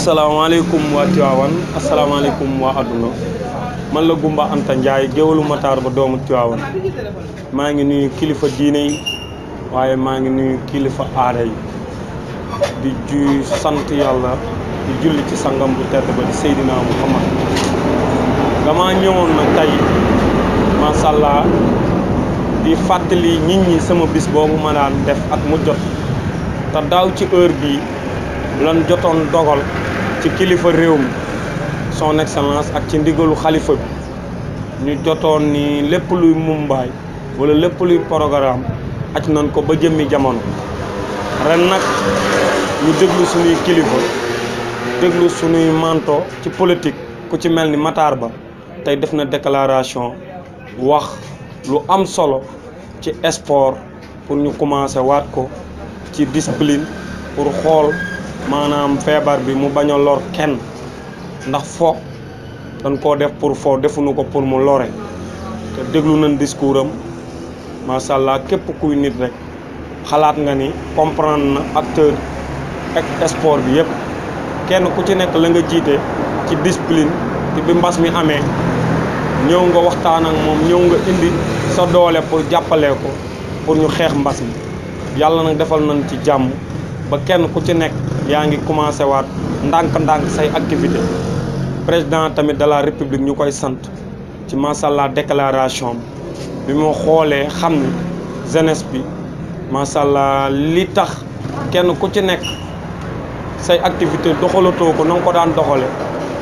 asalaamaaleykum waa Tiwaawan asalaamaaleykum waa adduna man la Gumba Anta Ndiaye géwalu Matar ba doomu Tiwaawan maa ngi nuyu kilifa diine yi waaye maa ngi nuyu kilifa aada yi di ju sant yàlla di julli ci sangam bu tedd ba di Seydina Muhammad dama ñëwoon na tey macha di fàttali nit ñi sama bis boobu ma daan def ak mu jot te daaw ci heure bi lan jotoon dogal ci kilifa réew mi son excellence ak ci ndigalu xalifa bi ñu jotoon ni lépp luy mumbaay wala lépp luy programme aj nañ ko ba jëmmi jamono ren nag ñu déglu suñuy kilifa déglu suñuy manto ci politique ku ci mel ni Matar Ba tey def na déclaration wax lu am solo ci sport pour ñu commencer waat ko ci discipline pour xool maanaam feebar bi mu bañ a lor kenn ndax fo dan koo def pour fo defuñu ko pour mu lore te déglu nañ diskuuram am macha allah képp kuy nit rek xalaat nga ni comprendre na acteur ak sport bi yëpp kenn ku ci nekk la nga jiite ci displine ci bi mbas mi amee ñëw nga waxtaan ak moom ñëw nga indi sa doole pour jàppale ko pour ñu xeex mbas mi yàlla nag defal nañ ci jàmm ba kenn ku ci nekk yaa ngi commencé waat ndànk-ndànk say activité président tamit de la république ñu koy sant ci macha allah déclaration bi mu xoolee xam ne jeunesse bi macha allah li tax kenn ku ci nekk say activité doxalatoo ko nang ko daan doxale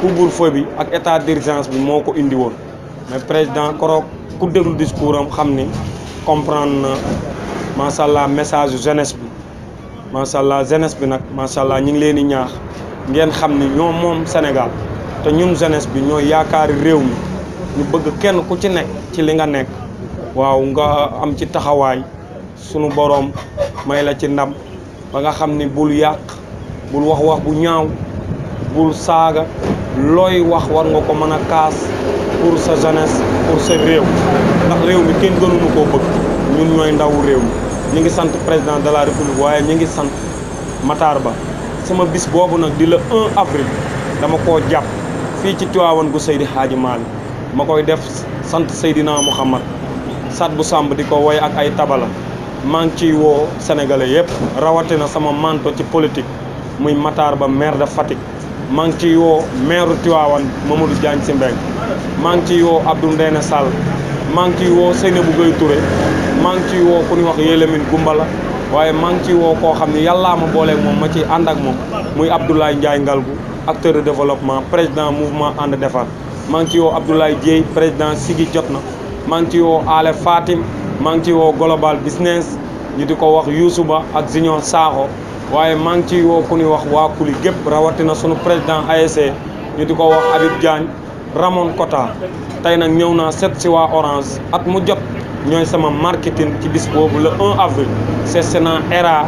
couvre fo bi ak état d'urgence bi moo ko indi woon mais président koroog ku déglu discours am xam ni comprendre na macha allah message jeunesse bi macha allah jeunesse bi nag macha allah ñu ngi leen di ñaax ngeen xam ni ñoo moom Sénégal te ñun jeunesse bi ñooy yaakaari réew mi ñu bëgg kenn ku ci nekk ci li nga nekk waaw nga am ci taxawaay sunu boroom may la ci ndam ba nga xam ni bul yàq bul wax wax bu ñaaw bul saaga looy wax war nga ko mën a kaas pour sa jeunesse pour sa réew ndax réew mi kenn gënuñu koo bëgg ñun ñooy ndawu réew mi ñu ngi sant président de la république waaye ñu ngi sant Matar Ba sama bis boobu nag di la 1 avril dama koo jàpp fii ci Tiwaawan gu Seydi Hadji Malick ma koy def sant Seydina Mouhamad sat bu sàmb di ko woy ak ay tabala maa ngi ciy woo sénégalais yëpp rawatina sama manto ci politique muy Matar Ba maire de Fatick maa ngi ciy woo maire Tiwaawan Mamadou Diagne Sy Mbengue maa ngi ciy woo Abdou Ndéné Sall maa ngi ciy woo Seynabou Gueye Touré maa ngi ciy woo ku ñuy wax Yélamine Gumbala waaye maa ngi ciy woo koo xam ne yàllaa ma booleeg moom ma ciy ànd ak moom muy Abdoulaye Ndiaye Ngalgu acteur de développement président mouvement ànd defar maa ngi ciy woo Abdoulaye Dieye président Sigi jot na maa ngi ciy woo Ale Fatim maa ngi ciy woo Global Business ñi di ko wax Youssouba ak Zignon Sakho waaye maa ngi ciy woo ku ñuy wax waa Kuli gépp rawatina sunu président ASC ñu di ko wax Habib Diagne Ramon Kota tey nag ñëw naa seet si waa Orange at mu jot ñooy sama marketing ci bis boobu la 1 avril c'est na era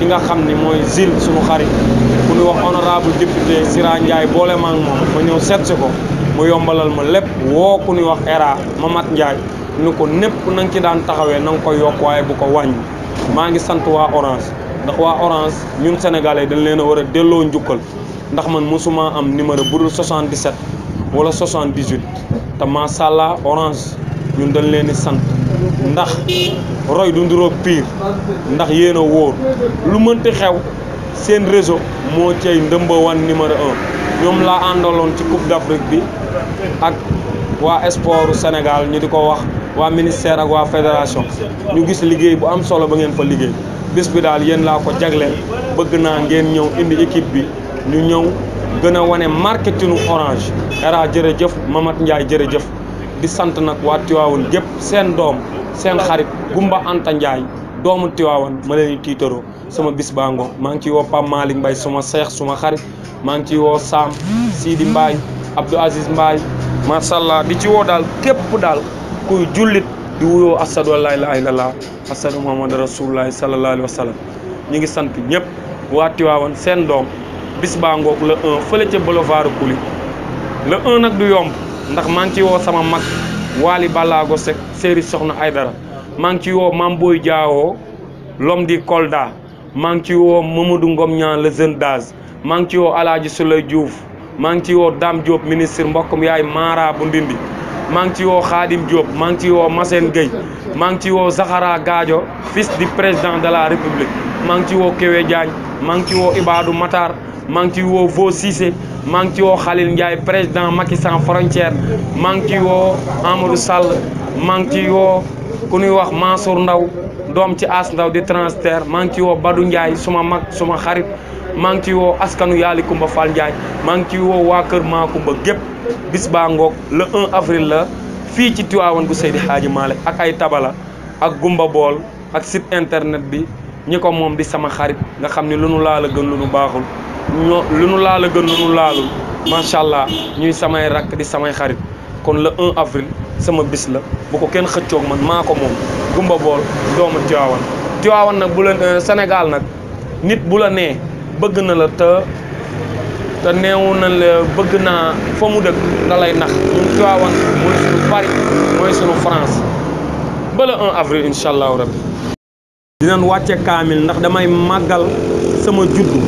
ki nga xam ni mooy zil suñu xarit ku ñu wax honorable député Sira Ndiaye boole ma moom ma ñëw seet si ko mu yombalal ma lépp woo ku ñu wax ma mat Ndiaye ni ko népp na nga ci daan taxawee na nga ko yokk waaye bu ko wàññi maa ngi sant waa orange ndax waa orange ñun sénégalais dañ leen a war a delloo njukkal ndax man mosuma am numéro bu dul 77 wala 78 te macha allah orange ñun dañ leen di sant ndax roy du nduroog piir ndax yéen a wóor lu mënti xew seen réseau moo cay ndëmba wan numéro un ñoom laa àndaloon ci coupe d'Afrique bi ak waa sport Sénégal ñu di ko wax waa ministère ak waa fédération ñu gis liggéey bu am solo ba ngeen fa liggéey bis bi daal yéen laa ko jagleel bëgg naa ngeen ñëw indi équipe bi ñu ñëw gën a wane marketingu Orange Era jërëjëf Mamat Ndiaye jërëjëf di sant nag waa Tiwaawan gépp seen doom seen xarit Gumba Anta Ndiaye doomu Tiwaawan ma leen di tiitaroo sama bis baango maa ngi ciy woo Pape Malick Mbaye suma seex suma xarit maa ngi ciy woo Sam Sidi Mbaye Abdou Aziz Mbaye macha allah di ci woo daal képp daal kuy jullit di wuyoo asadu laa ilaaha illallaah asadu muhammad rasulullaahi sallallaahu alayhi wa sallam ñu ngi sant ñëpp waa Tiwaawan seen doom bis baangoog la 1 fële ca boulevard Kuli le 1 nag du yomb. ndax maa ngi ci woo sama mag Waly Ballago Seck Serigne Soxna Aydara maa ngi ci woo Mame Boye Diao l'homme di Kolda maa ngi ci woo Mamadou ngoom ñaan le jeune d'âge maa ngi ci woo Alaaji Souley Diouf maa ngi ci woo Dame Diop ministre mbokkum yaay Mara bu Ndindi maa ngi ci woo Khadim Diop maa ngi ci woo Massène Gueye maa ngi ci woo Zahara Gadio fis di président de la République maa ngi ci woo Kewé Diagne maa ngi ci woo Ibadou Matar maa ngi ciy woo Vo Cissé maa ngi ci woo Khalil Ndiaye président Macky sans frontière maa ngi ciy woo Amadou Sall maa ngi ciy woo ku nuy wax Mansour Ndaw doom ci As Ndaw di transitaire maa ngi ciy woo Badou Ndiaye suma mag suma xarit maa ngi ciy woo askanu Yaali Kumba Fall Ndiaye maa ngi ciy woo waa Kër maa Makumba gépp bis baa ngoog le 1 avril la fii ci Tiwaawan gu Seydi Xaaji Malick ak ay tabala ak Gumba Bool ak site internet bi ñi ko moom di sama xarit nga xam ne lu nu laal a gën lu nu baaxul ñoo lu nu laal a gën lu nu laalul macha allah ñuy samay rakk di samay xarit kon le 1 avril sama bis la bu ko kenn xëccoog man maa ko moom gumba bool doomu Tiwaawan Tiwaawan nag bu la euh, Sénégal nag nit bu la nee bëgg na la te te neewu la bëgg naa fa mu dëkk da lay nax ñun Tiwaawan mooy suñu Paris mooy suñu France ba le 1 avril incha allahu rabbi dinañ wàcce kaamil ndax damay màggal sama juddu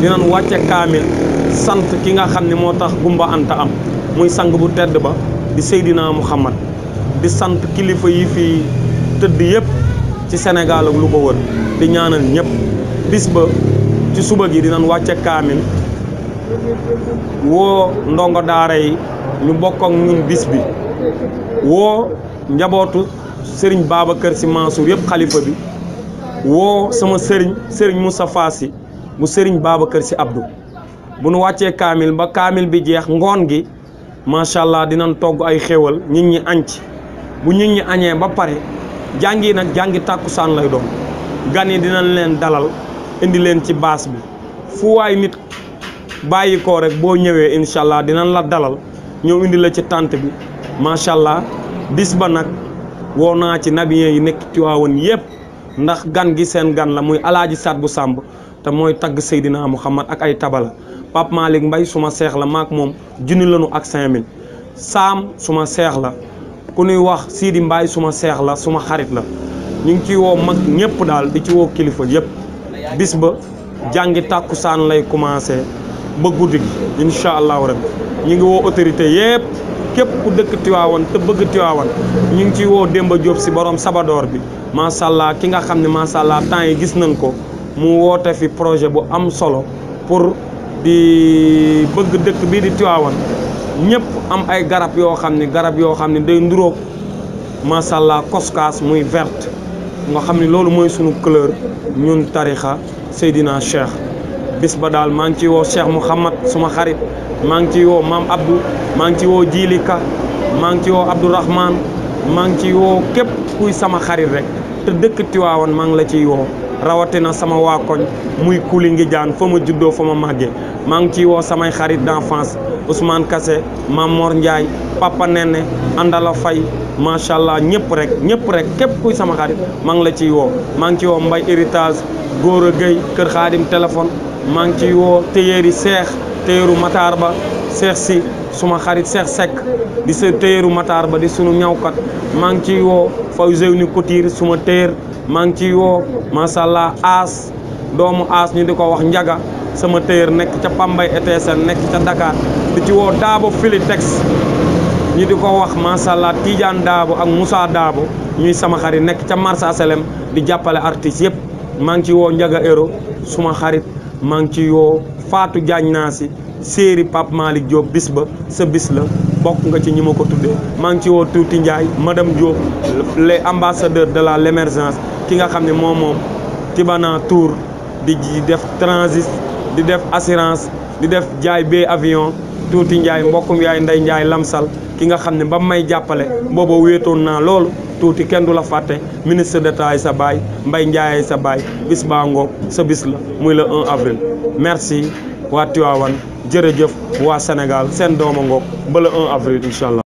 dinañ wàcce kaamil sant ki nga xam ni moo tax gumba anta am muy sang bu tedd ba di Seydina Muhammad di sant kilifa yi fii tëdd yëpp ci Sénégal ak lu ko wër di ñaanal ñëpp bis ba ci suba gi dinañ wàcce kaamil woo ndongo daara yi ñu bokk ak bis bi woo njabootu sëriñ Babacar Sy Mansour yëpp xalifa bi woo sama sëriñ sëriñ Moustapha Sy mu sëriñ Babacar si Abdou bu nu wàccee kaamil ba kaamil bi jeex ngoon gi macha allah dinañ togg ay xéwal nit ñi añ ci bu nit ñi añee ba pare jàngi nag jàngi tàkkusaan lay doon gan yi dinañ leen dalal indi leen ci baas bi fu waay nit bàyyi ko rek boo ñëwee incha allah dinañ la dalal ñëw indi la ci tànt bi macha allah bis ba nag woo naa ci nabiyen yi nekk Tiwaawan yépp ndax gan gi seen gan la muy alaaji Saat bu Sàmb te mooy tagg Seydina Muhammad ak ay tabala Pape mbay suma seex la maak moom junni lanu ak 5000 Saam suma seex la ku nuy wax Sidi Mbaye suma seex la suma xarit la ñu ngi ciy woo mag ñëpp daal di ci woo kilifa yëpp bis ba jàngi tàkkusaan lay commencé ba guddi gi incha allahu rabbi ñu ngi woo autorité yëpp képp ku dëkk Tiwaawan te bëgg Tiwaawan ñu ngi ciy woo démb Diop si borom sabadoor bi macha allah ki nga xam ne macha allah temps yi gis nañ ko. mu woote fi projet bu am solo pour di bëgg dëkk bii di Tiwaawan ñëpp am ay garab yoo xam ne garab yoo xam ne day nduróog masàllaa koskaas muy verte nga xam ne loolu mooy sunu couleur ñun tarixa Seydina Cheikh bis ba daal maa ngi ciy woo Cheikh Mouhamad suma xarit maa ngi ciy woo maam Abdou maa ngi ciy woo Djilika maa ngi ciy woo Abdourahman maa ngi ciy woo képp kuy sama xarit rek te dëkk Tiwaawan maa ngi la ciy woo rawatina sama waa koñ muy kuli ngi jaan fa ma juddoo fa ma màgge maa ngi ciy woo samay xarit d'enfance Ousmane Kassé Mame Mor Ndiaye Papa Nene Andala Faye macha allah ñëpp rek ñëpp rek képp kuy sama xarit maa ngi la ciy woo maa ngi ciy woo Mbaye Héritage Góor a Gueye Kër Xaadim téléphone maa ngi ciy woo téyeeri seex téyeeru Matar Ba seex si suma xarit seex sekk di sa téyeeru Matar Ba di sunu ñawkat maa ngi ciy woo Fawzeyni Couture suma téer maa ngi ciy woo macha allah aas doomu aas ñu di ko wax njaga sama téer nekk ca Pambay ETSL nekk ca Dakar di ci woo Daabo Filitex ñu di ko wax macha allah Tidiane Daabo ak Moussa Daabo ñuy sama xarit nekk ca Marsa Asalem di jàppale artistes yëpp maa ngi ciy woo Njaga Ero suma xarit maa ngi ciy woo Fatou Diagne naa si séeri Pape Malick Diop bis ba sa bis la. bokk nga ci ñi ma ko tuddee maa ngi ci woo Tuuti Ndiaye madame Diop les ambassadeurs de la l'émergence ki nga xam ne moom moom Tibana Tour di def transit di def assurance di def jaay bee avion Tuuti Ndiaye mbokkum yaay Ndey Ndiaye Lamsal ki nga xam ne ba may jàppale booba wéetoon naa loolu tuuti kenn du la fàtte ministre d'État sa baay mbay Ndiaye sa baay bis baa ngoog sa bis la muy le 1 avril merci waa Tivaouane jërëjëf waa Sénégal seen doom a ngoog mbala 1 avril incha allah.